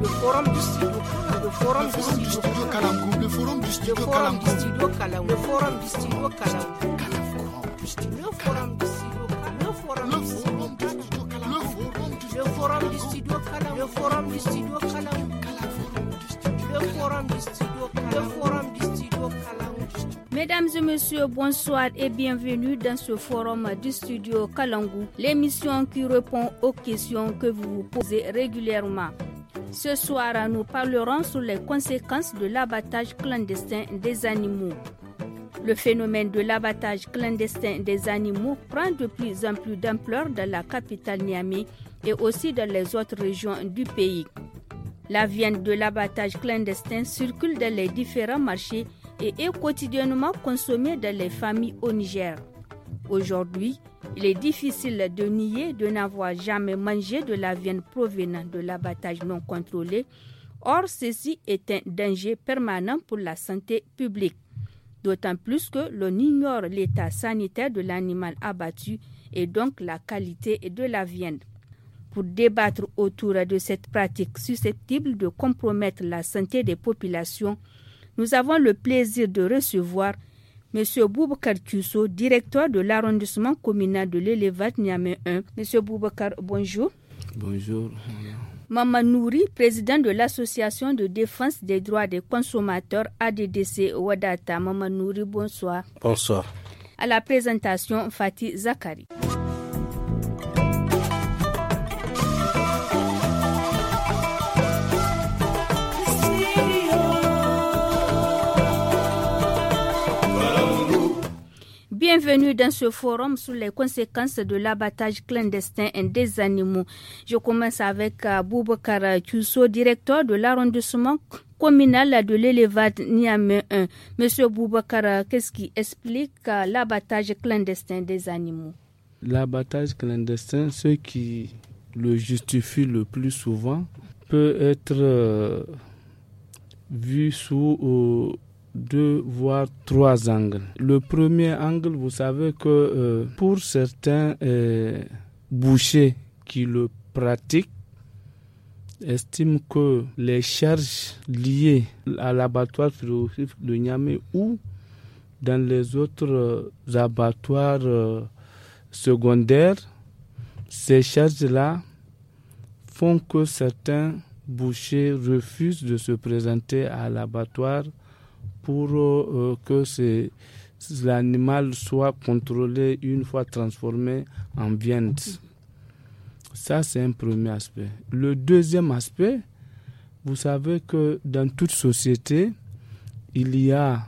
le forum du studio le forum du studio le forum du studio le forum du studio le forum du studio le forum du studio Mesdames et messieurs, bonsoir et bienvenue dans ce forum du studio Kalangu, l'émission qui répond aux questions que vous vous posez régulièrement. Ce soir, nous parlerons sur les conséquences de l'abattage clandestin des animaux. Le phénomène de l'abattage clandestin des animaux prend de plus en plus d'ampleur dans la capitale Niamey et aussi dans les autres régions du pays. La viande de l'abattage clandestin circule dans les différents marchés et est quotidiennement consommée dans les familles au Niger. Aujourd'hui, il est difficile de nier de n'avoir jamais mangé de la viande provenant de l'abattage non contrôlé. Or, ceci est un danger permanent pour la santé publique, d'autant plus que l'on ignore l'état sanitaire de l'animal abattu et donc la qualité de la viande. Pour débattre autour de cette pratique susceptible de compromettre la santé des populations, nous avons le plaisir de recevoir Monsieur Boubacar Cusso, directeur de l'arrondissement communal de l'élevage Niamey 1. Monsieur Boubacar, bonjour. Bonjour. Maman Nouri, président de l'Association de défense des droits des consommateurs ADDC Wadata. Maman Nouri, bonsoir. Bonsoir. À la présentation, Fatih Zakari. Bienvenue dans ce forum sur les conséquences de l'abattage clandestin des animaux. Je commence avec euh, Boubacar Tusso, directeur de l'arrondissement communal de l'élevage Niamey 1. Monsieur Boubacar, qu'est-ce qui explique euh, l'abattage clandestin des animaux L'abattage clandestin, ce qui le justifie le plus souvent, peut être euh, vu sous deux voire trois angles. Le premier angle, vous savez que euh, pour certains euh, bouchers qui le pratiquent, estiment que les charges liées à l'abattoir de Niamey ou dans les autres euh, abattoirs secondaires, ces charges-là font que certains bouchers refusent de se présenter à l'abattoir pour euh, que l'animal soit contrôlé une fois transformé en viande. Ça, c'est un premier aspect. Le deuxième aspect, vous savez que dans toute société, il y a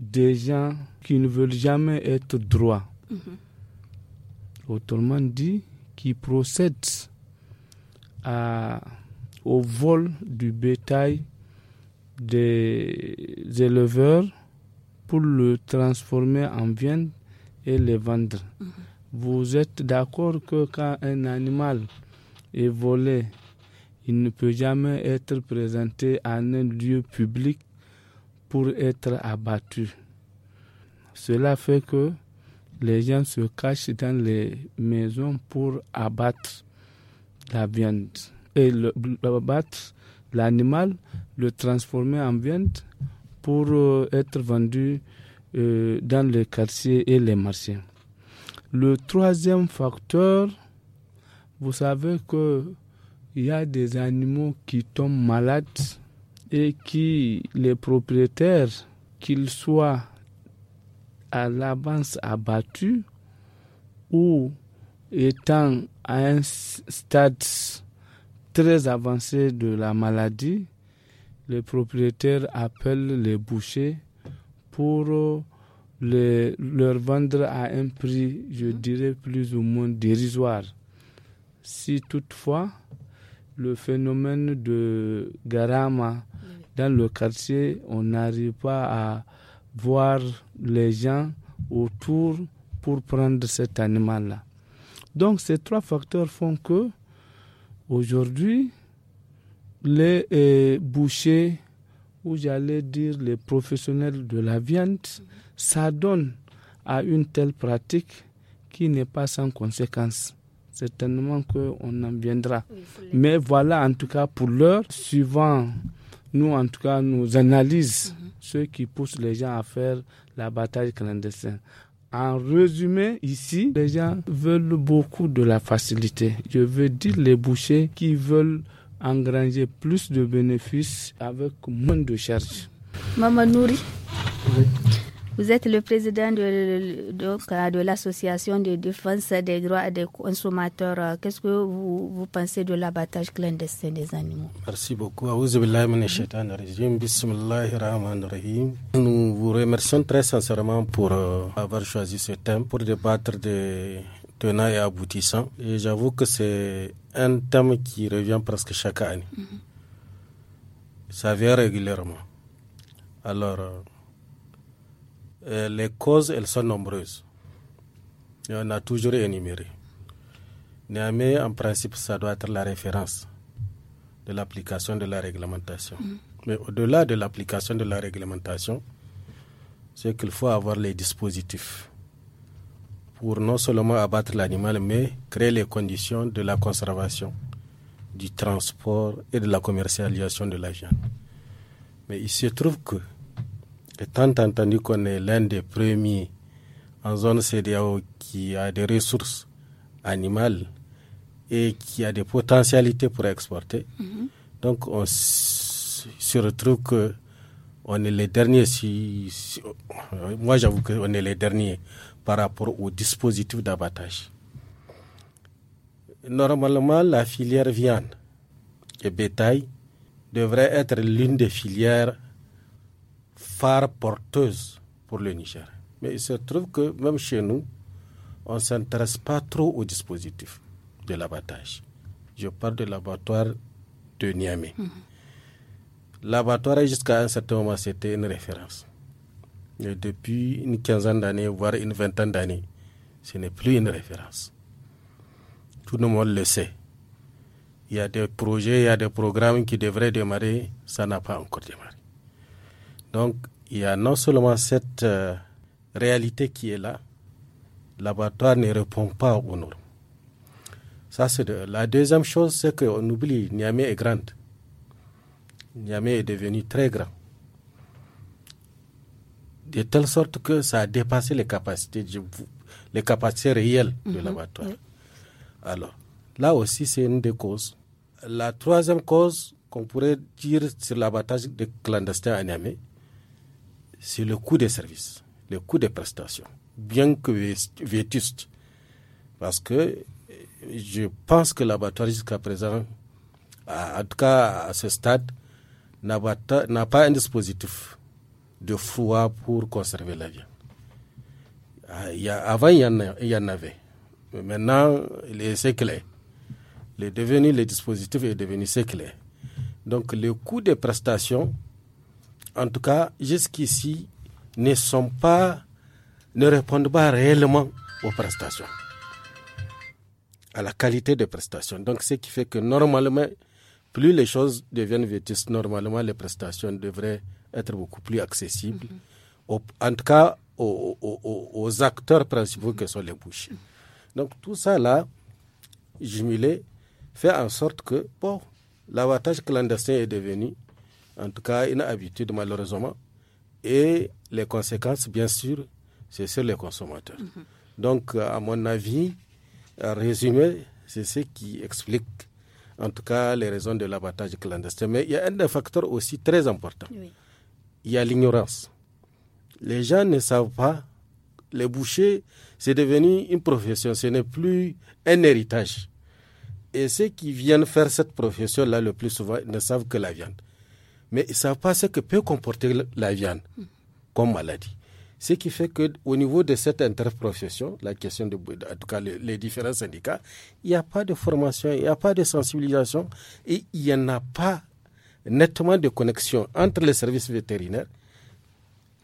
des gens qui ne veulent jamais être droits. Mm-hmm. Autrement dit, qui procèdent au vol du bétail des éleveurs pour le transformer en viande et le vendre. Mhm. Vous êtes d'accord que quand un animal est volé, il ne peut jamais être présenté à un lieu public pour être abattu. Cela fait que les gens se cachent dans les maisons pour abattre la viande et le, battre l'animal, le transformer en viande pour euh, être vendu euh, dans les quartiers et les marchés. Le troisième facteur, vous savez que il y a des animaux qui tombent malades et qui les propriétaires, qu'ils soient à l'avance abattus ou étant à un stade très avancée de la maladie, les propriétaires appellent les bouchers pour euh, les, leur vendre à un prix, je mmh. dirais, plus ou moins dérisoire. Si toutefois le phénomène de Garama dans le quartier, on n'arrive pas à voir les gens autour pour prendre cet animal-là. Donc ces trois facteurs font que Aujourd'hui, les euh, bouchers, ou j'allais dire les professionnels de la viande, s'adonnent à une telle pratique qui n'est pas sans conséquence. Certainement qu'on en viendra. Mais voilà, en tout cas, pour l'heure, suivant, nous, en tout cas, nous analysons mhm. ce qui poussent les gens à faire la bataille clandestine. En résumé, ici, les gens veulent beaucoup de la facilité. Je veux dire les bouchers qui veulent engranger plus de bénéfices avec moins de charges. Maman nourrit. Vous êtes le président de, euh, de l'association de défense des droits des consommateurs. Euh, qu'est-ce que vous, vous pensez de l'abattage clandestin des animaux Merci beaucoup. Nous vous remercions très sincèrement pour euh, avoir choisi ce thème pour débattre des tenants et aboutissants. Et j'avoue que c'est un thème qui revient presque chaque année. Mm-hmm. Ça vient régulièrement. Alors, euh, les causes, elles sont nombreuses. Et on a toujours énuméré. Néanmoins, en principe, ça doit être la référence de l'application de la réglementation. Mm. Mais au-delà de l'application de la réglementation, c'est qu'il faut avoir les dispositifs pour non seulement abattre l'animal, mais créer les conditions de la conservation, du transport et de la commercialisation de la viande. Mais il se trouve que étant entendu qu'on est l'un des premiers en zone CDAO qui a des ressources animales et qui a des potentialités pour exporter, mhm. donc on se retrouve que est les derniers. moi, j'avoue qu'on est les derniers par rapport au dispositif d'abattage. Normalement, la filière viande et bétail devrait être l'une des filières phare porteuse pour le Niger. Mais il se trouve que même chez nous, on ne s'intéresse pas trop au dispositif de l'abattage. Je parle de l'abattoir de Niamey. Mhm. L'abattoir, jusqu'à un certain moment, c'était une référence. Mais depuis une quinzaine d'années, voire une vingtaine d'années, ce n'est plus une référence. Tout le monde le sait. Il y a des projets, il y a des programmes qui devraient démarrer, ça n'a pas encore démarré. Donc, il y a non seulement cette euh, réalité qui est là, l'abattoir ne répond pas aux normes. Ça, c'est La deuxième chose, c'est qu'on oublie, Niamey est grande. Niamey est devenu très grand. De telle sorte que ça a dépassé les capacités, les capacités réelles de mhm, l'abattoir. Alors, là aussi, c'est une des causes. La troisième cause qu'on pourrait dire sur l'abattage des clandestins à Niamey, c'est le coût des services, le coût des prestations, bien que vétuste. Parce que je pense que l'abattoir jusqu'à présent, en tout cas à ce stade, n'a pas un dispositif de froid pour conserver la vie. Ah, avant, il y, en avait. maintenant, c'est clair. Le, devenu, le dispositif est devenu clair. Donc, le coût des prestations en tout cas jusqu'ici, ne sont pas, ne répondent pas réellement aux prestations, à la qualité des prestations. Donc, ce qui fait que normalement, plus les choses deviennent vétustes, normalement, les prestations devraient être beaucoup plus accessibles, mhm. en tout cas aux, acteurs principaux que sont les bouchers. Mhm. Donc, tout ça là, jumelé, fait en sorte que, bon, l'avantage clandestin est devenu en tout cas une habitude malheureusement. Et les conséquences, bien sûr, c'est sur les consommateurs. Mhm. Donc, à mon avis, en résumé, c'est ce qui explique en tout cas les raisons de l'abattage clandestin. Mais il y a un des facteurs aussi très important. Il y a l'ignorance. Les gens ne savent pas. Les bouchers, c'est devenu une profession, ce n'est plus un héritage. Et ceux qui viennent faire cette profession-là, le plus souvent, ne savent que la viande mais ils ne savent pas ce que peut comporter la viande comme maladie. Ce qui fait qu'au niveau de cette interprofession, la question de, en tout cas, les, différents syndicats, il n'y a pas de formation, il n'y a pas de sensibilisation et il n'y en a pas nettement de connexion entre les services vétérinaires.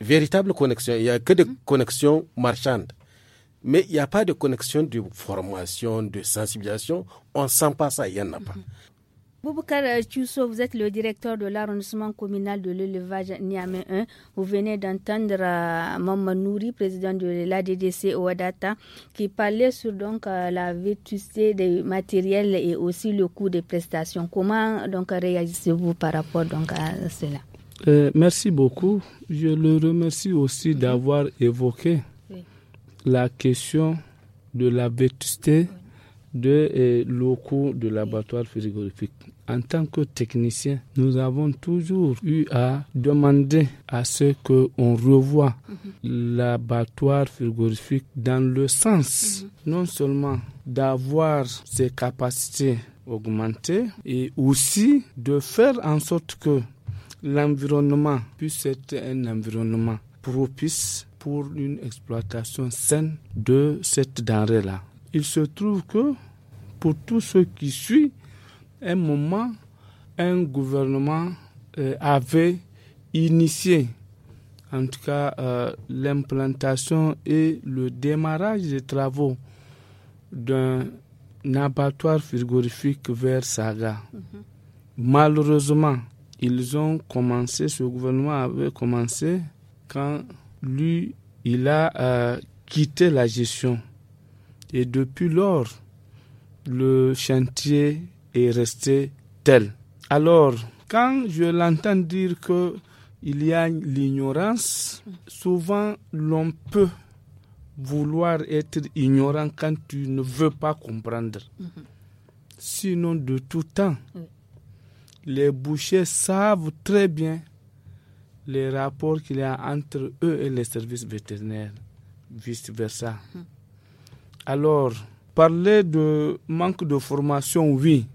Véritable connexion, il n'y a que des mm-hmm. connexions marchandes. Mais il n'y a pas de connexion de formation, de sensibilisation. On ne sent pas ça, il n'y en a pas. Mm-hmm. Bouboukar euh, vous êtes le directeur de l'arrondissement communal de l'élevage Niamey 1. Vous venez d'entendre euh, Nouri, président de l'ADDC Ouadata, qui parlait sur donc euh, la vétusté des matériels et aussi le coût des prestations. Comment donc réagissez-vous par rapport donc à cela Merci beaucoup. Je le remercie aussi d'avoir évoqué la question de la vétusté de, locaux de l'abattoir frigorifique en tant que technicien, nous avons toujours eu à demander à ce qu'on revoie l'abattoir frigorifique dans le sens non seulement d'avoir ses capacités augmentées et aussi de faire en sorte que l'environnement puisse être un environnement propice pour une exploitation saine de cette denrée-là. Il se trouve que pour tous ceux qui suivent, un moment, un gouvernement euh, avait initié en tout cas euh, l'implantation et le démarrage des travaux d'un abattoir frigorifique vers Saga. Mhm. Malheureusement, ils ont commencé, ce gouvernement avait commencé quand lui, il a euh, quitté la gestion. Et depuis lors, le chantier est resté tel. Alors, quand je l'entends dire que il y a l'ignorance, souvent l'on peut vouloir être ignorant quand tu ne veux pas comprendre. Mm-hmm. Sinon, de tout temps, les bouchers savent très bien les rapports qu'il y a entre eux et les services vétérinaires, vice-versa. Mm-hmm. Alors, parler de manque de formation, oui,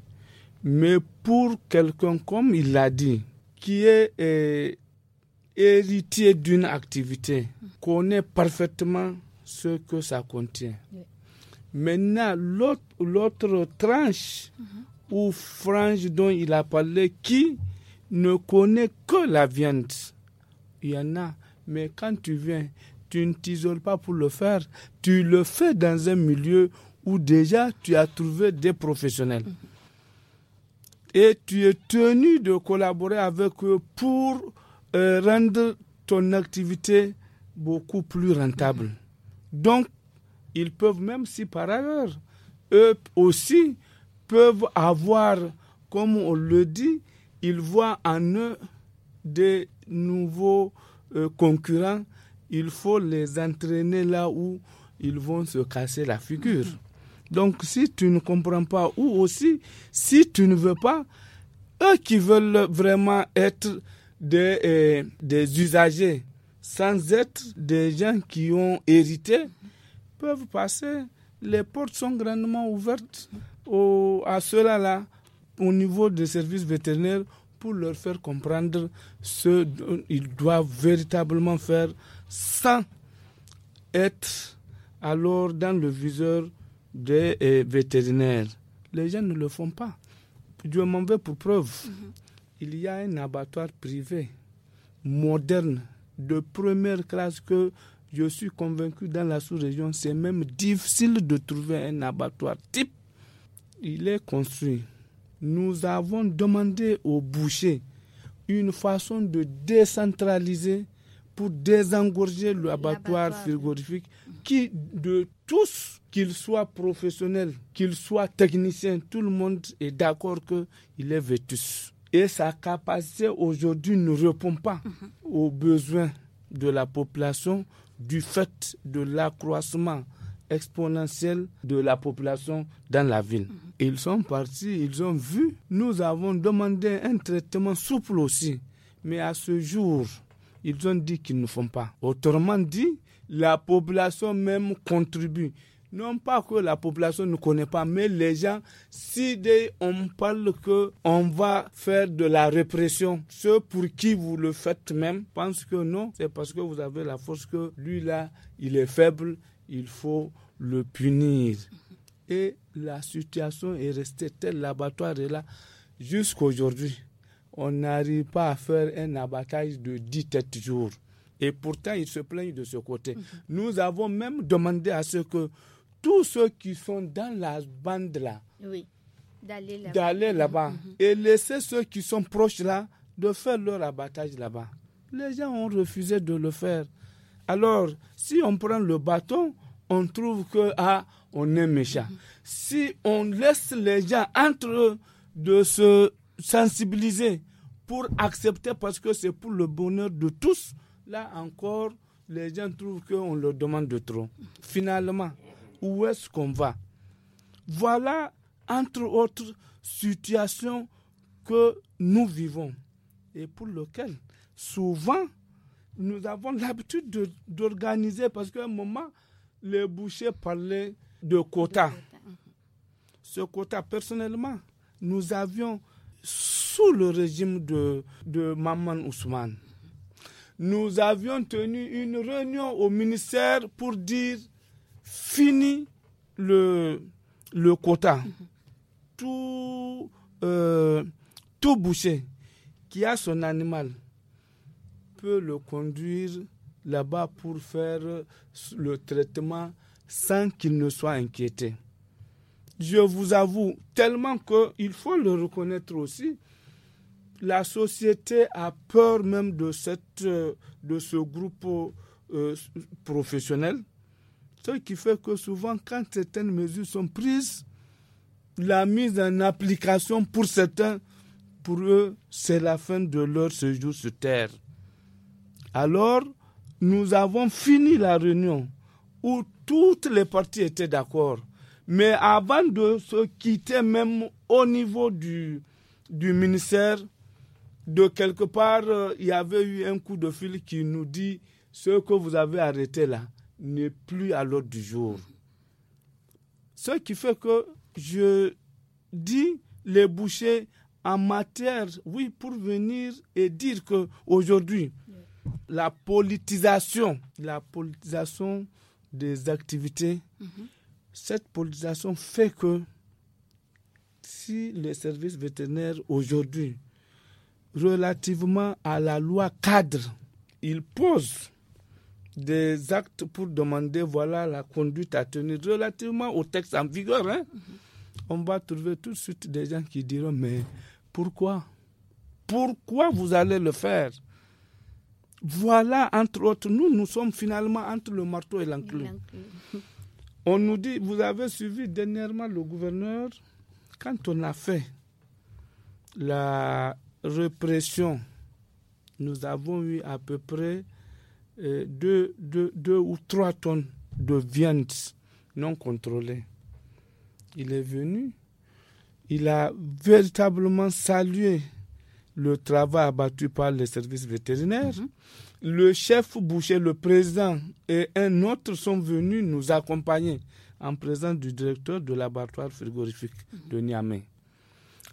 mais pour quelqu'un, comme il l'a dit, qui est euh, héritier d'une activité, connaît parfaitement ce que ça contient. Maintenant, l'autre tranche mhm. ou frange dont il a parlé, qui ne connaît que la viande, il y en a. Mais quand tu viens, tu ne t'isoles pas pour le faire. Tu le fais dans un milieu où déjà tu as trouvé des professionnels. Mhm et tu es tenu de collaborer avec eux pour euh, rendre ton activité beaucoup plus rentable. Donc, ils peuvent même si par ailleurs, eux aussi peuvent avoir, comme on le dit, ils voient en eux des nouveaux euh, concurrents. Il faut les entraîner là où ils vont se casser la figure. Donc si tu ne comprends pas, ou aussi si tu ne veux pas, eux qui veulent vraiment être des, euh, des usagers, sans être des gens qui ont hérité, peuvent passer. Les portes sont grandement ouvertes à ceux-là au niveau des services vétérinaires pour leur faire comprendre ce qu'ils doivent véritablement faire sans être alors dans le viseur des vétérinaires. Les gens ne le font pas. Je m'en veut pour preuve. Mhm. Il y a un abattoir privé, moderne, de première classe que je suis convaincu dans la sous-région, c'est même difficile de trouver un abattoir type. Il est construit. Nous avons demandé au boucher une façon de décentraliser pour désengorger l'abattoir frigorifique qui de tous, qu'ils soient professionnels, qu'ils soient technicien tout le monde est d'accord qu'il est vétus. Et sa capacité aujourd'hui ne répond pas mhm. aux besoins de la population du fait de l'accroissement exponentiel de la population dans la ville. Mhm. Ils sont partis, ils ont vu. Nous avons demandé un traitement souple aussi. Mais à ce jour, ils ont dit qu'ils ne font pas. Autrement dit, la population même contribue. Non pas que la population ne connaît pas, mais les gens, si on parle qu'on va faire de la répression, ceux pour qui vous le faites même pensent que non, c'est parce que vous avez la force que lui là, il est faible, il faut le punir. Et la situation est restée telle, l'abattoir est là jusqu'aujourd'hui. On n'arrive pas à faire un abattage de 10 têtes jours. Et pourtant, ils se plaignent de ce côté. Mhm. Nous avons même demandé à ce que tous ceux qui sont dans la bande là, oui. d'aller là-bas, mhm. Mhm. et laisser ceux qui sont proches là de faire leur abattage là-bas. Les gens ont refusé de le faire. Alors, si on prend le bâton, on trouve que ah, on est méchant. Si on laisse les gens entre eux de se sensibiliser pour accepter parce que c'est pour le bonheur de tous, Là encore, les gens trouvent qu'on leur demande de trop. Finalement, où est-ce qu'on va Voilà, entre autres, situations que nous vivons et pour lequel souvent nous avons l'habitude d'organiser parce qu'à un moment, les bouchers parlaient de quotas. Uh-huh. Ce quota, personnellement, nous avions sous le régime de, de Maman Ousmane nous avions tenu une réunion au ministère pour dire fini le, quota. Mhm. Tout, euh, tout boucher qui a son animal peut le conduire là-bas pour faire le traitement sans qu'il ne soit inquiété. Je vous avoue, tellement qu'il faut le reconnaître aussi, la société a peur même de, cette, euh, de ce groupe euh, professionnel, ce qui fait que souvent quand certaines mesures sont prises, la mise en application pour certains, pour eux, c'est la fin de leur séjour sur Terre. Alors, nous avons fini la réunion où toutes les parties étaient d'accord. Mais avant de se quitter, même au niveau du, du ministère, de quelque part, euh, il y avait eu un coup de fil qui nous dit ce que vous avez arrêté là n'est plus à l'ordre du jour. Ce qui fait que je dis les bouchers en matière, oui, pour venir et dire que aujourd'hui, la politisation, la politisation des activités, mhm. cette politisation fait que si les services vétérinaires aujourd'hui relativement à la loi cadre, il pose des actes pour demander voilà la conduite à tenir relativement au texte en vigueur. Hein. Mm-hmm. On va trouver tout de suite des gens qui diront mais pourquoi Pourquoi vous allez le faire Voilà, entre autres, nous, nous sommes finalement entre le marteau et l'enclume. Mm-hmm. On nous dit, vous avez suivi dernièrement le gouverneur quand on a fait la répression, nous avons eu à peu près euh, deux, ou trois tonnes de viande non contrôlée. Il est venu, il a véritablement salué le travail abattu par les services vétérinaires. Mhm. Le chef boucher, le président et un autre sont venus nous accompagner en présence du directeur de laboratoire frigorifique mhm. de Niamey.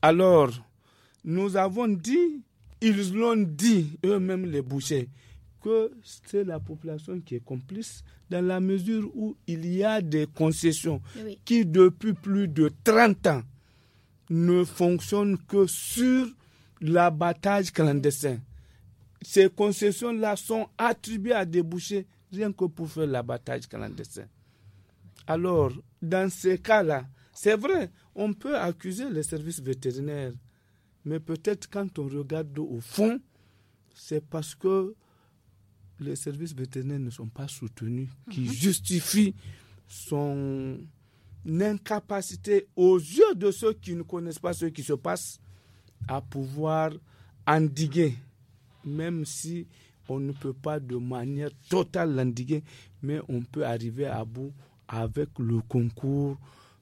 Alors, nous avons dit, ils l'ont dit eux-mêmes les bouchers, que c'est la population qui est complice dans la mesure où il y a des concessions eh qui depuis plus de 30 ans ne fonctionnent que sur l'abattage clandestin. Ces concessions-là sont attribuées à des bouchers rien que pour faire l'abattage clandestin. Alors, dans ces cas-là, c'est vrai, on peut accuser les services vétérinaires mais peut-être quand on regarde au fond, c'est parce que les services vétérinaires ne sont pas soutenus, qui mhm. justifient son incapacité aux yeux de ceux qui ne connaissent pas ce qui se passe à pouvoir endiguer, même si on ne peut pas de manière totale l'endiguer, mais on peut arriver à bout avec le concours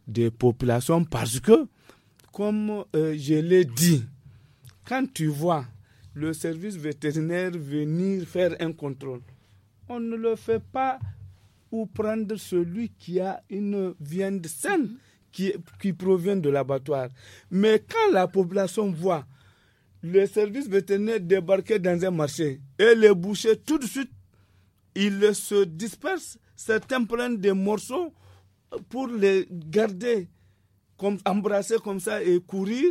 des populations parce que comme euh, je l'ai dit, quand tu vois le service vétérinaire venir faire un contrôle, on ne le fait pas ou prendre celui qui a une viande saine qui, qui provient de l'abattoir. Mais quand la population voit le service vétérinaire débarquer dans un marché et les boucher tout de suite, ils se dispersent, certains prennent des morceaux pour les garder comme embrasser comme ça et courir,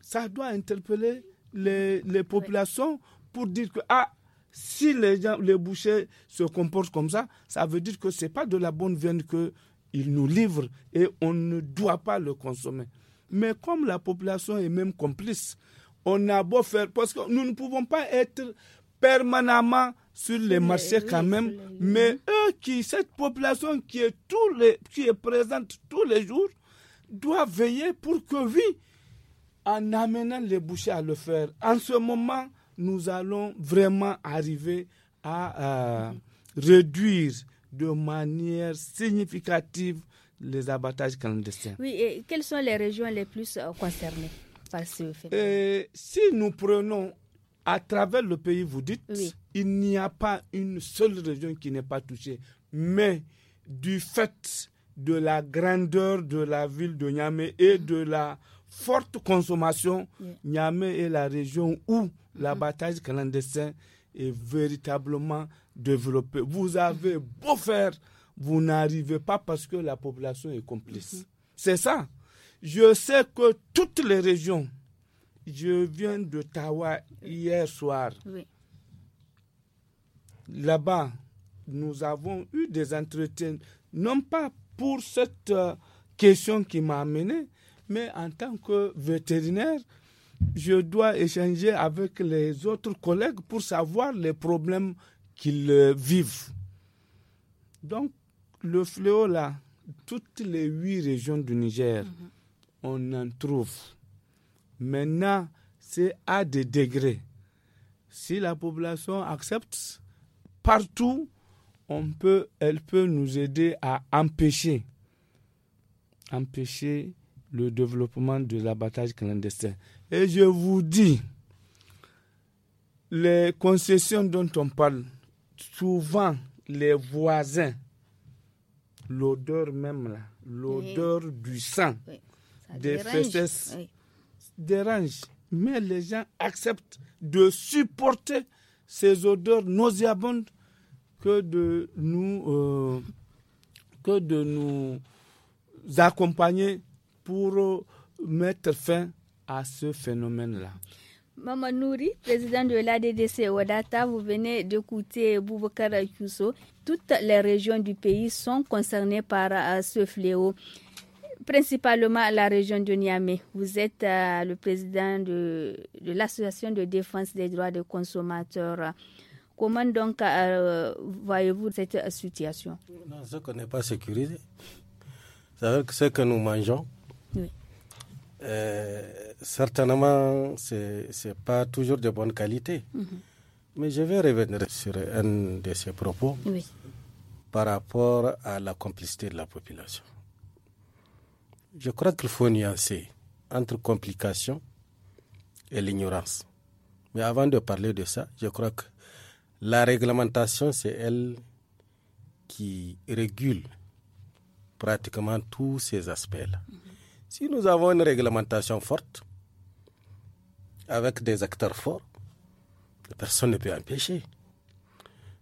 ça doit interpeller les, populations pour dire que ah, si les, gens, les bouchers se comportent comme ça, ça veut dire que ce n'est pas de la bonne viande qu'ils nous livrent et on ne doit pas le consommer. Mais comme la population est même complice, on a beau faire, parce que nous ne pouvons pas être permanemment sur les marchés quand même, mais eux qui, cette population qui est, tous les, qui est présente tous les jours, doit veiller pour que, oui, en amenant les bouchers à le faire, en ce moment, nous allons vraiment arriver à euh, réduire de manière significative les abattages clandestins. Oui, et quelles sont les régions les plus euh, concernées par ce phénomène euh, Si nous prenons à travers le pays, vous dites, il n'y a pas une seule région qui n'est pas touchée. Mais du fait de la grandeur de la ville de Niamey et de la forte consommation, Niamey est la région où l'abattage mm-hmm. clandestin est véritablement développé. Vous avez beau faire, vous n'arrivez pas parce que la population est complice. Mm-hmm. C'est ça. Je sais que toutes les régions, je viens de Tawa hier soir. Là-bas, nous avons eu des entretiens, non pas pour cette euh, question qui m'a amené, mais en tant que vétérinaire, je dois échanger avec les autres collègues pour savoir les problèmes qu'ils euh, vivent. Donc, le fléau là, toutes les huit régions du Niger, mm-hmm. on en trouve. Maintenant, c'est à des degrés. Si la population accepte, partout, on peut, elle peut nous aider à empêcher, empêcher le développement de l'abattage clandestin. Et je vous dis, les concessions dont on parle, souvent les voisins, l'odeur même l'odeur du sang, des fesses dérange. Mais les gens acceptent de supporter ces odeurs nauséabondes que de nous, euh, que de nous accompagner pour euh, mettre fin à ce phénomène-là. Maman Nouri, président de l'ADDC Odata, vous venez d'écouter Boubacar Kusso. Toutes les régions du pays sont concernées par euh, ce fléau, principalement la région de Niamey. Vous êtes le président de, l'Association de défense des droits des consommateurs. Comment donc euh, voyez-vous cette situation Ce qu'on n'est pas sécurisé, cest que ce que nous mangeons, euh, certainement, ce n'est pas toujours de bonne qualité. Mm-hmm. Mais je vais revenir sur un de ces propos par rapport à la complicité de la population. Je crois qu'il faut nuancer entre complication et l'ignorance. Mais avant de parler de ça, je crois que la réglementation, c'est elle qui régule pratiquement tous ces aspects-là. Mhm. Si nous avons une réglementation forte, avec des acteurs forts, personne ne peut empêcher.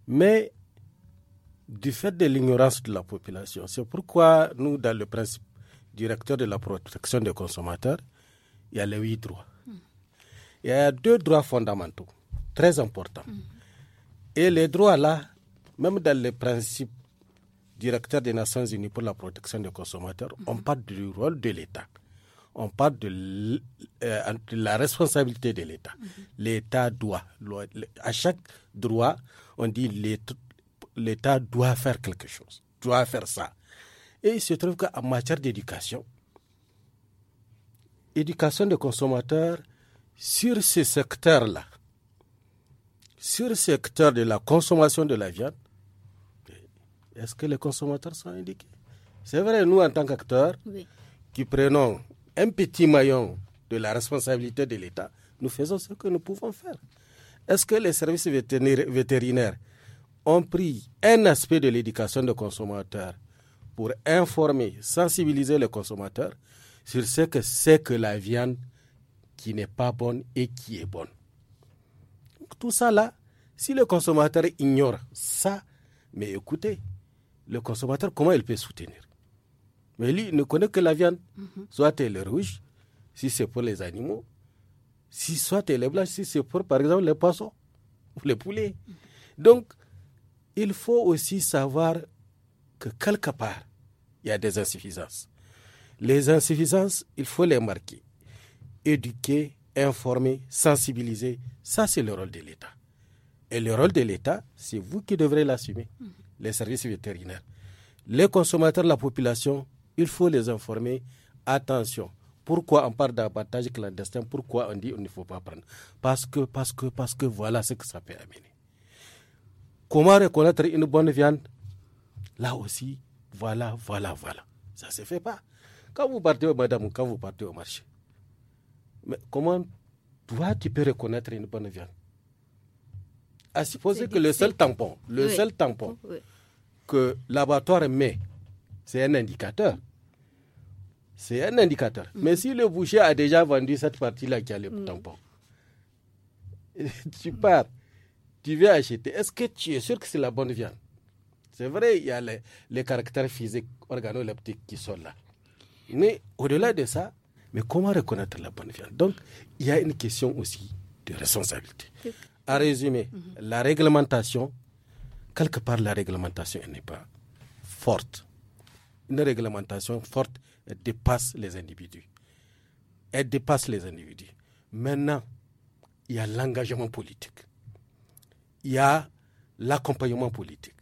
Mais du fait de l'ignorance de la population, c'est pourquoi nous, dans le principe directeur de la protection des consommateurs, il y a les huit droits. Mhm. Il y a deux droits fondamentaux très importants. Mhm. Et les droits-là, même dans les principes directeurs des Nations Unies pour la protection des consommateurs, on mhm. parle du rôle de l'État. On parle de, euh, la responsabilité de l'État. Mhm. L'État doit. À chaque droit, on dit l'État doit faire quelque chose, doit faire ça. Et il se trouve qu'en matière d'éducation, éducation des consommateurs, sur ces secteurs là sur le secteur de la consommation de la viande, est-ce que les consommateurs sont indiqués C'est vrai, nous, en tant qu'acteurs, qui prenons un petit maillon de la responsabilité de l'État, nous faisons ce que nous pouvons faire. Est-ce que les services vétérinaires ont pris un aspect de l'éducation des consommateurs pour informer, sensibiliser les consommateurs sur ce que c'est que la viande qui n'est pas bonne et qui est bonne tout ça là, si le consommateur ignore ça, mais écoutez, le consommateur, comment il peut soutenir Mais lui, il ne connaît que la viande. Mhm. Soit elle est rouge, si c'est pour les animaux, si soit elle est blanche, si c'est pour, par exemple, les poissons ou les poulets. Mhm. Donc, il faut aussi savoir que quelque part, il y a des insuffisances. Les insuffisances, il faut les marquer, éduquer informer, sensibiliser. Ça, c'est le rôle de l'État. Et le rôle de l'État, c'est vous qui devrez l'assumer, mhm. les services vétérinaires. Les consommateurs, la population, il faut les informer. Attention, pourquoi on parle d'abattage clandestin Pourquoi on dit on ne faut pas prendre Parce que, parce que, parce que voilà ce que ça peut amener. Comment reconnaître une bonne viande Là aussi, voilà, voilà, voilà. Ça ne se fait pas. Quand vous partez madame, quand vous partez au marché, mais comment, toi, tu peux reconnaître une bonne viande À supposer que le seul tampon, le seul tampon que l'abattoir met, c'est un indicateur. C'est un indicateur. Mm. Mais si le boucher a déjà vendu cette partie-là qui a le mm. tampon, tu pars, tu viens acheter. Est-ce que tu es sûr que c'est la bonne viande C'est vrai, il y a les, les caractères physiques organoleptiques qui sont là. Mais au-delà de ça, mais comment reconnaître la bonne viande Donc, il y a une question aussi de responsabilité. À résumer, mhm. la réglementation, quelque part, la réglementation n'est pas forte. Une réglementation forte dépasse les individus. Elle dépasse les individus. Maintenant, il y a l'engagement politique. Il y a l'accompagnement politique.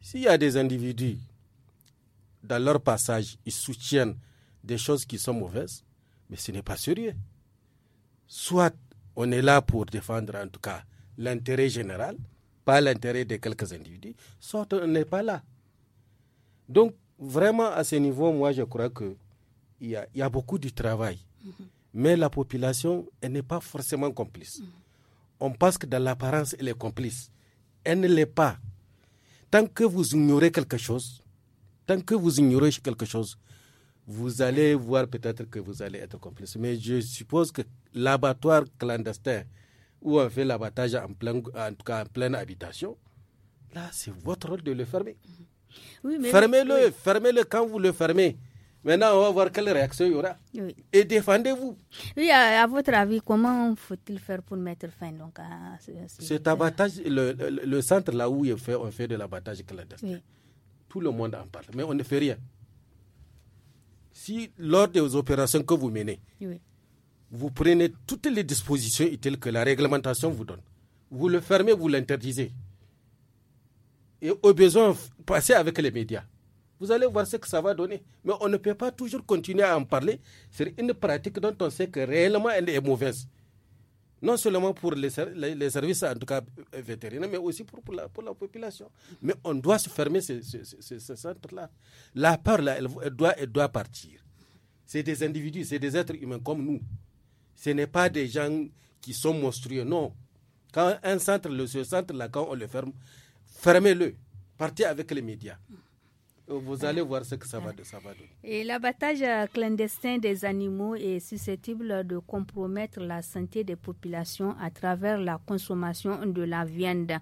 S'il y a des individus, dans leur passage, ils soutiennent des choses qui sont mauvaises, mais ce n'est pas sérieux. Soit on est là pour défendre en tout cas l'intérêt général, pas l'intérêt de quelques individus, soit on n'est pas là. Donc vraiment à ce niveau, moi je crois qu'il y, a, y a beaucoup de travail. Mm-hmm. Mais la population, elle n'est pas forcément complice. Mm-hmm. On pense que dans l'apparence, elle est complice. Elle ne l'est pas. Tant que vous ignorez quelque chose, tant que vous ignorez quelque chose, vous allez voir peut-être que vous allez être complice. Mais je suppose que l'abattoir clandestin où on fait l'abattage en, plein, en tout cas en pleine habitation, là, c'est votre rôle de le fermer. Mm-hmm. fermez-le, fermez-le quand vous le fermez. Maintenant, on va voir quelle réaction il y aura. Et défendez-vous. Oui, à, votre avis, comment faut-il faire pour mettre fin donc, à ce, Cet abattage, le, centre là où il fait, on fait de l'abattage clandestin, tout le monde en parle, mais on ne fait rien si lors des opérations que vous menez, vous prenez toutes les dispositions telles que la réglementation vous donne, vous le fermez, vous l'interdisez, et au besoin, passez avec les médias. Vous allez voir ce que ça va donner. Mais on ne peut pas toujours continuer à en parler. C'est une pratique dont on sait que réellement elle est mauvaise non seulement pour les, les, services, en tout cas euh, vétérinaires, mais aussi pour, pour, la, pour la, population. Mais on doit se fermer ce, ce, centre-là. La peur, là, elle, doit, elle doit partir. C'est des individus, c'est des êtres humains comme nous. Ce n'est pas des gens qui sont monstrueux, non. Quand un centre, ce centre-là, quand on le ferme, fermez-le. Partez avec les médias. Vous allez voir ce que ça va, Et l'abattage euh, clandestin des animaux est susceptible de compromettre la santé des populations à travers la consommation de la viande.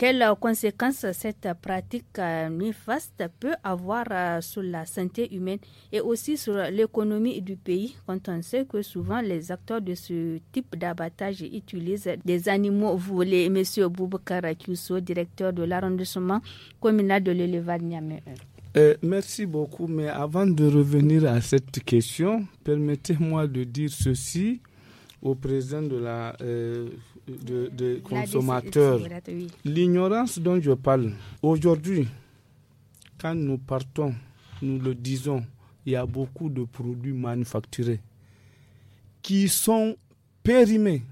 Quelles conséquences cette pratique euh, néfaste peut avoir euh, sur la santé humaine et aussi sur l'économie du pays quand on sait que souvent les acteurs de ce type d'abattage utilisent des animaux volés Monsieur Boubacar Kiusso, directeur de l'arrondissement communal de l'élevage Niamey. Euh, merci beaucoup, mais avant de revenir à cette question, permettez-moi de dire ceci au président de la euh, de, consommateurs. L'ignorance dont je parle, aujourd'hui, quand nous partons, nous le disons, il y a beaucoup de produits manufacturés qui sont périmés,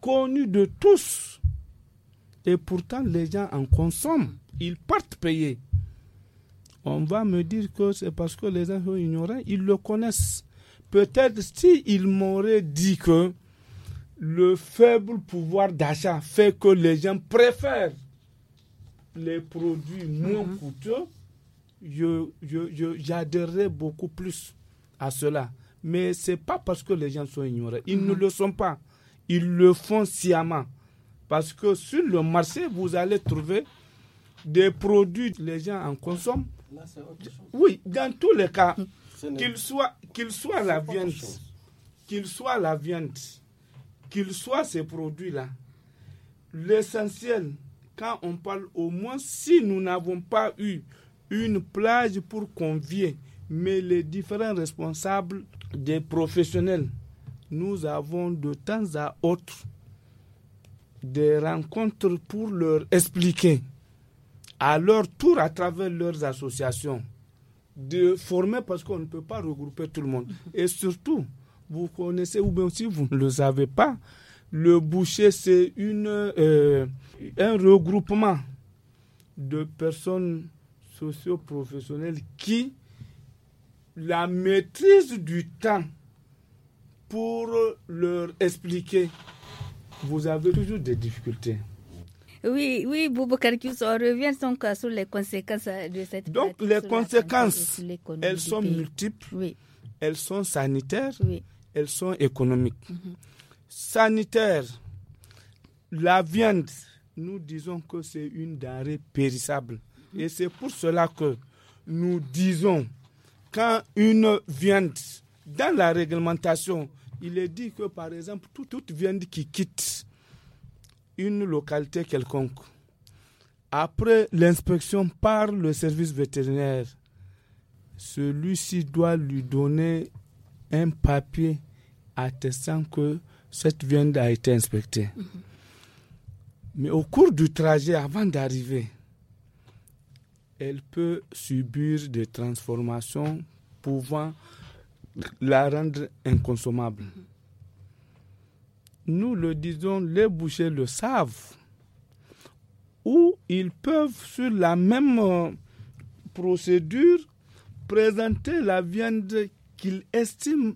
connus de tous. Et pourtant, les gens en consomment. Ils partent payer. On va me dire que c'est parce que les gens sont ignorants. Ils le connaissent. Peut-être s'ils m'auraient dit que le faible pouvoir d'achat fait que les gens préfèrent les produits moins mhm. coûteux, J'adhérerai beaucoup plus à cela. Mais ce n'est pas parce que les gens sont ignorés. Ils ne mhm. le sont pas. Ils le font sciemment. Parce que sur le marché, vous allez trouver des produits, les gens en consomment. oui, dans tous les cas, qu'il soit, qu'il soit la viande, qu'il soit la viande, qu'ils soient ces produits-là. L'essentiel, quand on parle, au moins si nous n'avons pas eu une plage pour convier, mais les différents responsables des professionnels, nous avons de temps à autre des rencontres pour leur expliquer, à leur tour à travers leurs associations, de former parce qu'on ne peut pas regrouper tout le monde. Et surtout, vous connaissez ou bien si vous ne le savez pas, le boucher, c'est une, euh, un regroupement de personnes socio qui, la maîtrise du temps pour leur expliquer, vous avez toujours des difficultés. Oui, oui, Boubacar on revient euh, sur les conséquences euh, de cette Donc les conséquences, elles sont multiples, oui. elles sont sanitaires, oui elles sont économiques. Sanitaire, la viande, nous disons que c'est une denrée périssable. Et c'est pour cela que nous disons, quand une viande, dans la réglementation, il est dit que par exemple, toute viande qui quitte une localité quelconque, après l'inspection par le service vétérinaire, celui-ci doit lui donner un papier attestant que cette viande a été inspectée. Mhm. Mais au cours du trajet, avant d'arriver, elle peut subir des transformations pouvant la rendre inconsommable. Mhm. Nous le disons, les bouchers le savent. Ou ils peuvent, sur la même euh, procédure, présenter la viande qu'il estime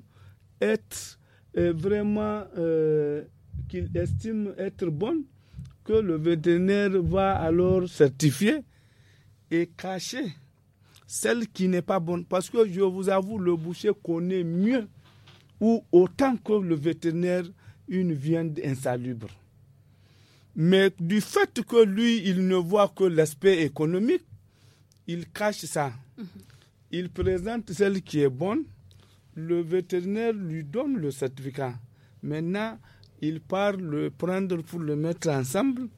être euh, vraiment, euh, qu'il estime être bonne, que le vétérinaire va alors certifier et cacher celle qui n'est pas bonne. Parce que je vous avoue, le boucher connaît mieux ou autant que le vétérinaire une viande insalubre. Mais du fait que lui, il ne voit que l'aspect économique, il cache ça. Mhm. Il présente celle qui est bonne le vétérinaire lui donne le certificat. Maintenant, il part le prendre pour le mettre ensemble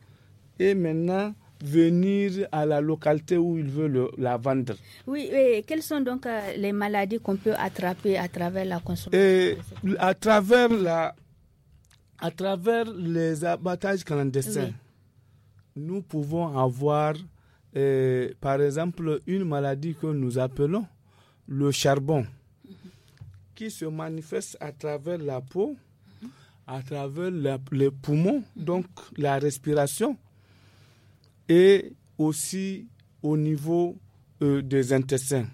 et maintenant venir à la localité où il veut la vendre. Oui, et quelles sont donc euh, les maladies qu'on peut attraper à travers la consommation À travers à travers les abattages clandestins, nous pouvons avoir, euh, par exemple, une maladie que nous appelons le charbon qui se manifeste à travers la peau, à travers les poumons, donc la respiration, et aussi au niveau euh, des intestins.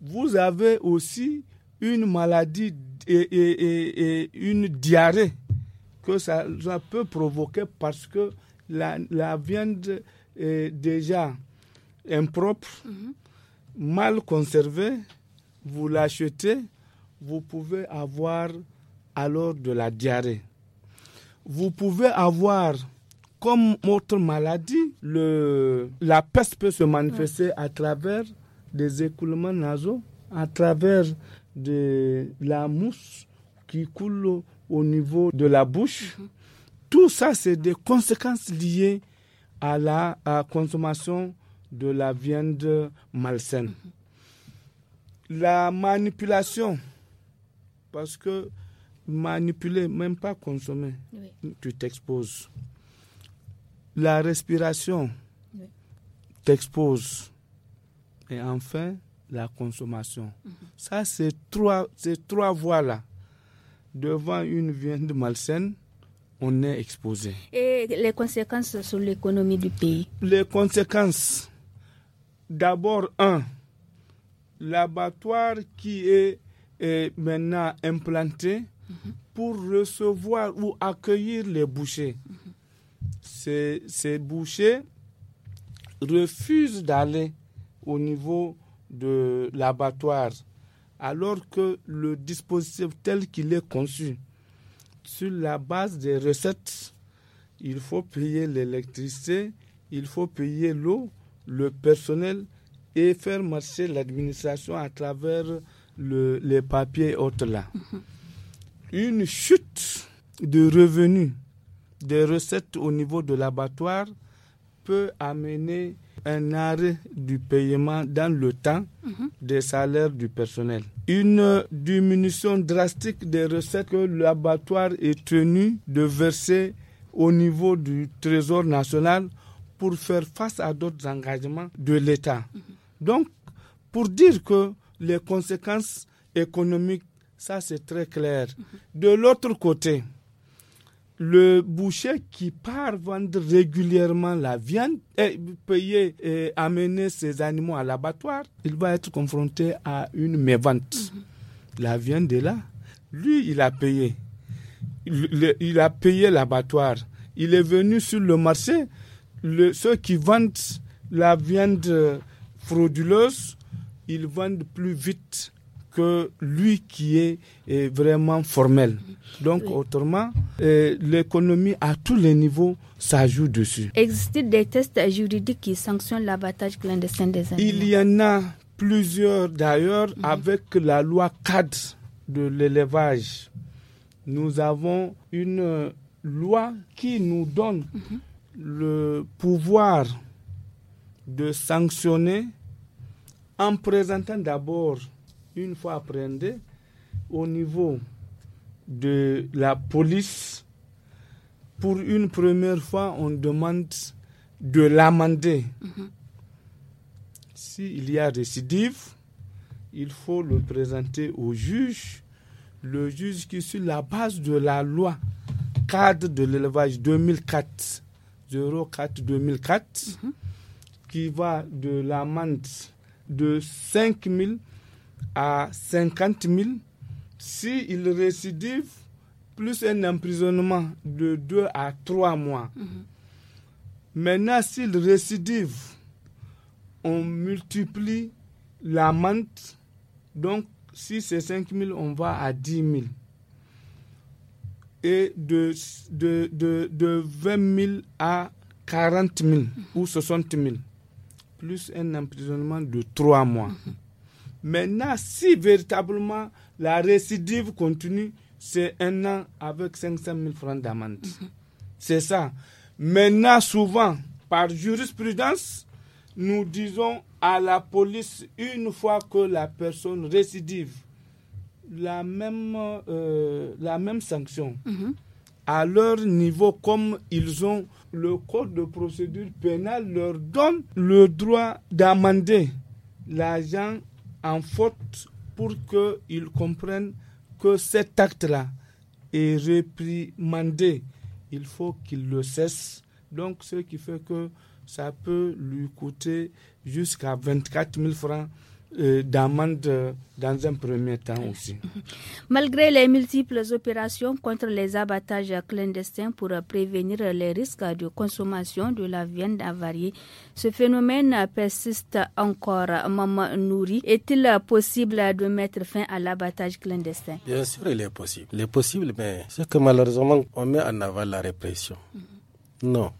Vous avez aussi une maladie et, une diarrhée que ça, peut provoquer parce que la, viande est déjà impropre, mhm. mal conservée, vous l'achetez, vous pouvez avoir alors de la diarrhée. Vous pouvez avoir comme autre maladie, le, la peste peut se manifester à travers des écoulements nasaux, à travers de la mousse qui coule au niveau de la bouche. Mm-hmm. Tout ça, c'est des conséquences liées à la consommation de la viande malsaine. Mm-hmm. La manipulation parce que manipuler, même pas consommer, tu t'exposes. La respiration t'expose. Et enfin, la consommation. Mhm. Ça, c'est trois, trois voies-là. Devant une viande malsaine, on est exposé. Et les conséquences sur l'économie du pays Les conséquences. D'abord, un, l'abattoir qui est est maintenant implanté mm-hmm. pour recevoir ou accueillir les bouchers. Mm-hmm. ces, ces, bouchers refusent d'aller au niveau de l'abattoir, alors que le dispositif tel qu'il est conçu, sur la base des recettes, il faut payer l'électricité, il faut payer l'eau, le personnel et faire marcher l'administration à travers les papiers autres là. Mm-hmm. Une chute de revenus, des recettes au niveau de l'abattoir peut amener un arrêt du paiement dans le temps mm-hmm. des salaires du personnel. Une diminution drastique des recettes que l'abattoir est tenu de verser au niveau du Trésor national pour faire face à d'autres engagements de l'État. Mm-hmm. Donc, pour dire que les conséquences économiques, ça c'est très clair. De l'autre côté, le boucher qui part vendre régulièrement la viande et payer et amener ses animaux à l'abattoir, il va être confronté à une mévente. Mhm. La viande est là. Lui, il a payé. Il, a payé l'abattoir. Il est venu sur le marché. ceux qui vendent la viande euh, frauduleuse ils vendent plus vite que lui qui est, vraiment formel. Donc, autrement, euh, l'économie à tous les niveaux, s'ajoute dessus. Existe t il des tests juridiques qui sanctionnent l'abattage clandestin des animaux Il y en a plusieurs d'ailleurs mhm. avec la loi cadre de l'élevage. Nous avons une euh, loi qui nous donne mhm. le pouvoir de sanctionner en présentant d'abord, une fois appréhendé, au niveau de la police, pour une première fois, on demande de l'amender. Mhm. S'il y a récidive, il faut le présenter au juge. Le juge qui, sur la base de la loi cadre de l'élevage 2004, 04-2004, mhm. qui va de l'amende de 5 000 à 50 000. S'il récidive, plus un emprisonnement de 2 à 3 mois. Mhm. Maintenant, s'il récidive, on multiplie l'amende. Donc, si c'est 5 000, on va à 10 000. Et de, 20 000 à 40 000 ou 60 000 plus un emprisonnement de trois mois. Mhm. Maintenant, si véritablement la récidive continue, c'est un an avec 500 000 francs d'amende. Mhm. C'est ça. Maintenant, souvent, par jurisprudence, nous disons à la police, une fois que la personne récidive, la même, euh, la même sanction, mhm. à leur niveau, comme ils ont le code de procédure pénale leur donne le droit d'amender l'agent en faute pour qu'ils comprennent que cet acte-là est réprimandé. Il faut qu'il le cesse. Donc, ce qui fait que ça peut lui coûter jusqu'à 24 000 francs euh, d'amende euh, dans un premier temps aussi. Malgré les multiples opérations contre les abattages clandestins pour prévenir les risques de consommation de la viande avariée, ce phénomène persiste encore. Maman Nourri, est-il possible de mettre fin à l'abattage clandestin Bien sûr, il est possible. Il est possible, mais c'est que malheureusement, on met en avant la répression. Mhm. Non,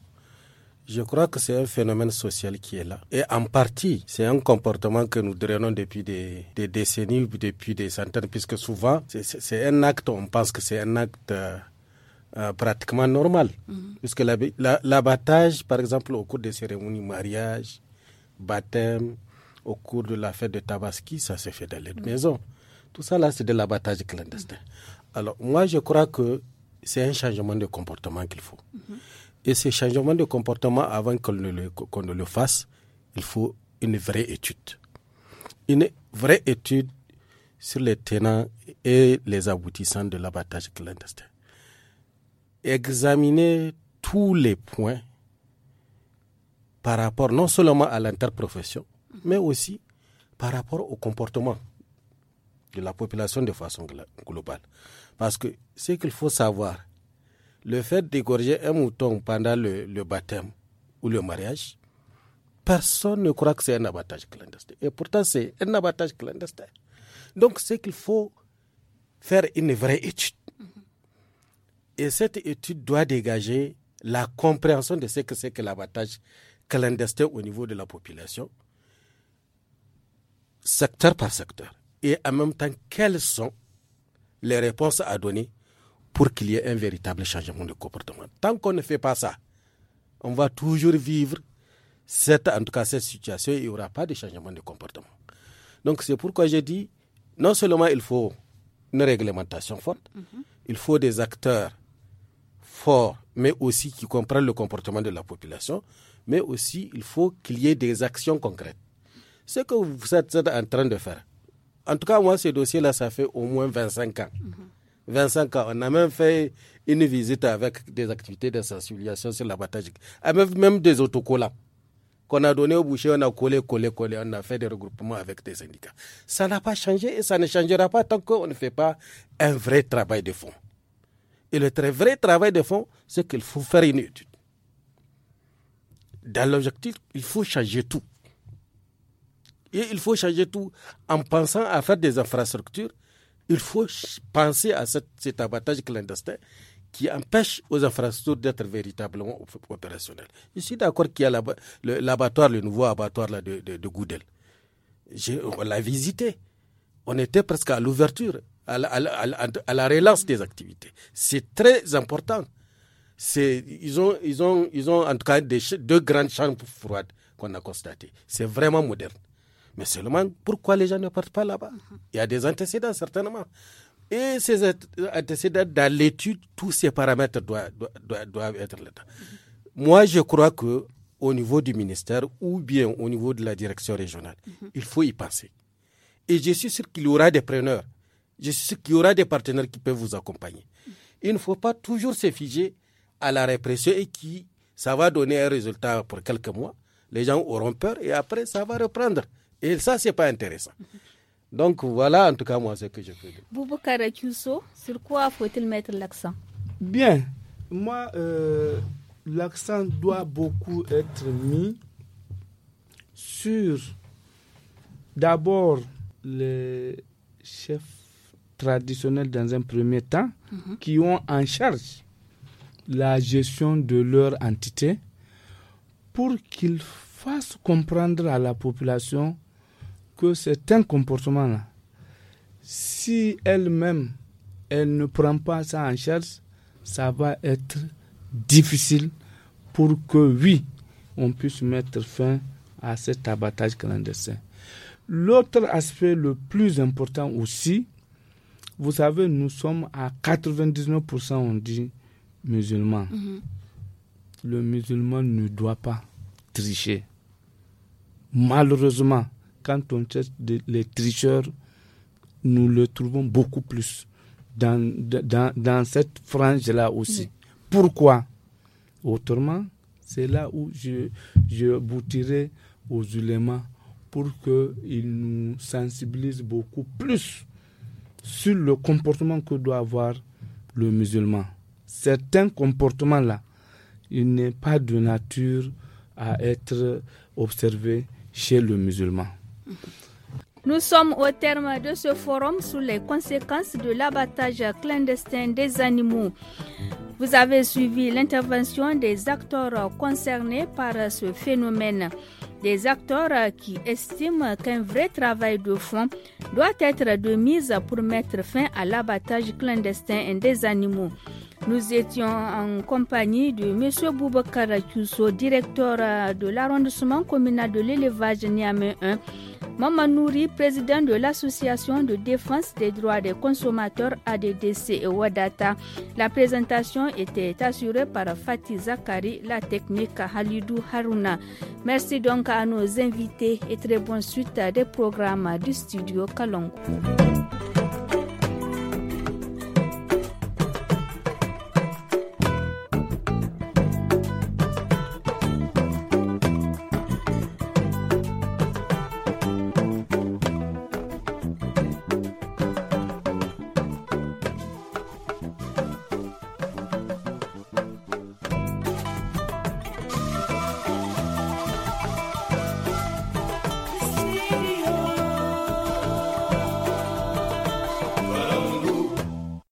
je crois que c'est un phénomène social qui est là. Et en partie, c'est un comportement que nous drainons depuis des, des décennies, depuis des centaines, puisque souvent, c'est un acte, on pense que c'est un acte euh, euh, pratiquement normal. Mhm. Puisque l'abattage, par exemple, au cours des cérémonies mariage, baptême, au cours de la fête de Tabaski, ça se fait dans les mhm. maisons. Tout ça, là, c'est de l'abattage clandestin. Mhm. Alors, moi, je crois que c'est un changement de comportement qu'il faut. Et ces changements de comportement, avant qu'on ne, le, fasse, il faut une vraie étude. Une vraie étude sur les tenants et les aboutissants de l'abattage clandestin. Examiner tous les points par rapport non seulement à l'interprofession, mais aussi par rapport au comportement de la population de façon globale. Parce que ce qu'il faut savoir, le fait d'égorger un mouton pendant le, baptême ou le mariage, personne ne croit que c'est un abattage clandestin. Et pourtant, c'est un abattage clandestin. Donc, c'est qu'il faut faire une vraie étude. Et cette étude doit dégager la compréhension de ce que c'est que l'abattage clandestin au niveau de la population, secteur par secteur. Et en même temps, quelles sont les réponses à donner pour qu'il y ait un véritable changement de comportement. Tant qu'on ne fait pas ça, on va toujours vivre cette, en tout cas cette situation, il n'y aura pas de changement de comportement. Donc c'est pourquoi j'ai dit, non seulement il faut une réglementation forte, mhm. il faut des acteurs forts, mais aussi qui comprennent le comportement de la population, mais aussi il faut qu'il y ait des actions concrètes. Ce que vous êtes en train de faire, en tout cas moi, ce dossier-là, ça fait au moins 25 ans. Mhm. 25 ans. On a même fait une visite avec des activités de sur l'abattage, avec même des autocollants qu'on a donné au boucher, on a collé, collé, collé, on a fait des regroupements avec des syndicats. Ça n'a pas changé et ça ne changera pas tant qu'on ne fait pas un vrai travail de fond. Et le très vrai travail de fond, c'est qu'il faut faire une étude. Dans l'objectif, il faut changer tout. Et il faut changer tout en pensant à faire des infrastructures il faut penser à cet abattage clandestin qui empêche aux infrastructures d'être véritablement opérationnelles. Je suis d'accord qu'il y a l'abattoir, le, nouveau abattoir de, Goudel. on l'a visité. On était presque à l'ouverture, à, la, relance des activités. C'est très important. Ils ont, ils, ont, ils ont en tout cas deux grandes chambres froides qu'on a constatées. C'est vraiment moderne. Mais seulement, pourquoi les gens ne partent pas là-bas Il y a des antécédents, certainement. Et ces antécédents, dans l'étude, tous ces paramètres doivent, être là Moi, je crois qu'au niveau du ministère ou bien au niveau de la direction régionale, il faut y penser. Et je suis sûr qu'il y aura des preneurs. Je suis sûr qu'il y aura des partenaires qui peuvent vous accompagner. Il ne faut pas toujours se figer à la répression et qui, ça va donner un résultat pour quelques mois. Les gens auront peur et après, ça va reprendre. Et ça, c'est pas intéressant. Donc voilà en tout cas moi ce que je peux dire. Boubou Kyuso, sur quoi faut-il mettre l'accent Bien, moi euh, l'accent doit beaucoup être mis sur d'abord les chefs traditionnels dans un premier temps mhm. qui ont en charge la gestion de leur entité pour qu'ils fassent comprendre à la population que un comportement là si elle-même, elle ne prend pas ça en charge, ça va être difficile pour que, oui, on puisse mettre fin à cet abattage clandestin. L'autre aspect le plus important aussi, vous savez, nous sommes à 99%, on dit, musulmans. Mm-hmm. Le musulman ne doit pas tricher. Malheureusement, quand on cherche les tricheurs, nous le trouvons beaucoup plus dans, dans, cette frange-là aussi. Pourquoi Autrement, c'est là où je, je boutirai aux ulémas pour qu'ils nous sensibilisent beaucoup plus sur le comportement que doit avoir le musulman. Certains comportements-là, il n'est pas de nature à être observé chez le musulman. Nous sommes au terme de ce forum sur les conséquences de l'abattage clandestin des animaux. Vous avez suivi l'intervention des acteurs concernés par ce phénomène. Des acteurs qui estiment qu'un vrai travail de fond doit être de mise pour mettre fin à l'abattage clandestin des animaux. Nous étions en compagnie de M. Boubacar Kyuso, directeur euh, de l'arrondissement communal de l'élevage Niamey 1, Maman Nouri, président de l'association de défense des droits des consommateurs ADDC et Wadata. La présentation était assurée par Fatih Zakari, la technique Halidou Haruna. Merci donc à nos invités et très bonne suite des programmes du studio Kalongo.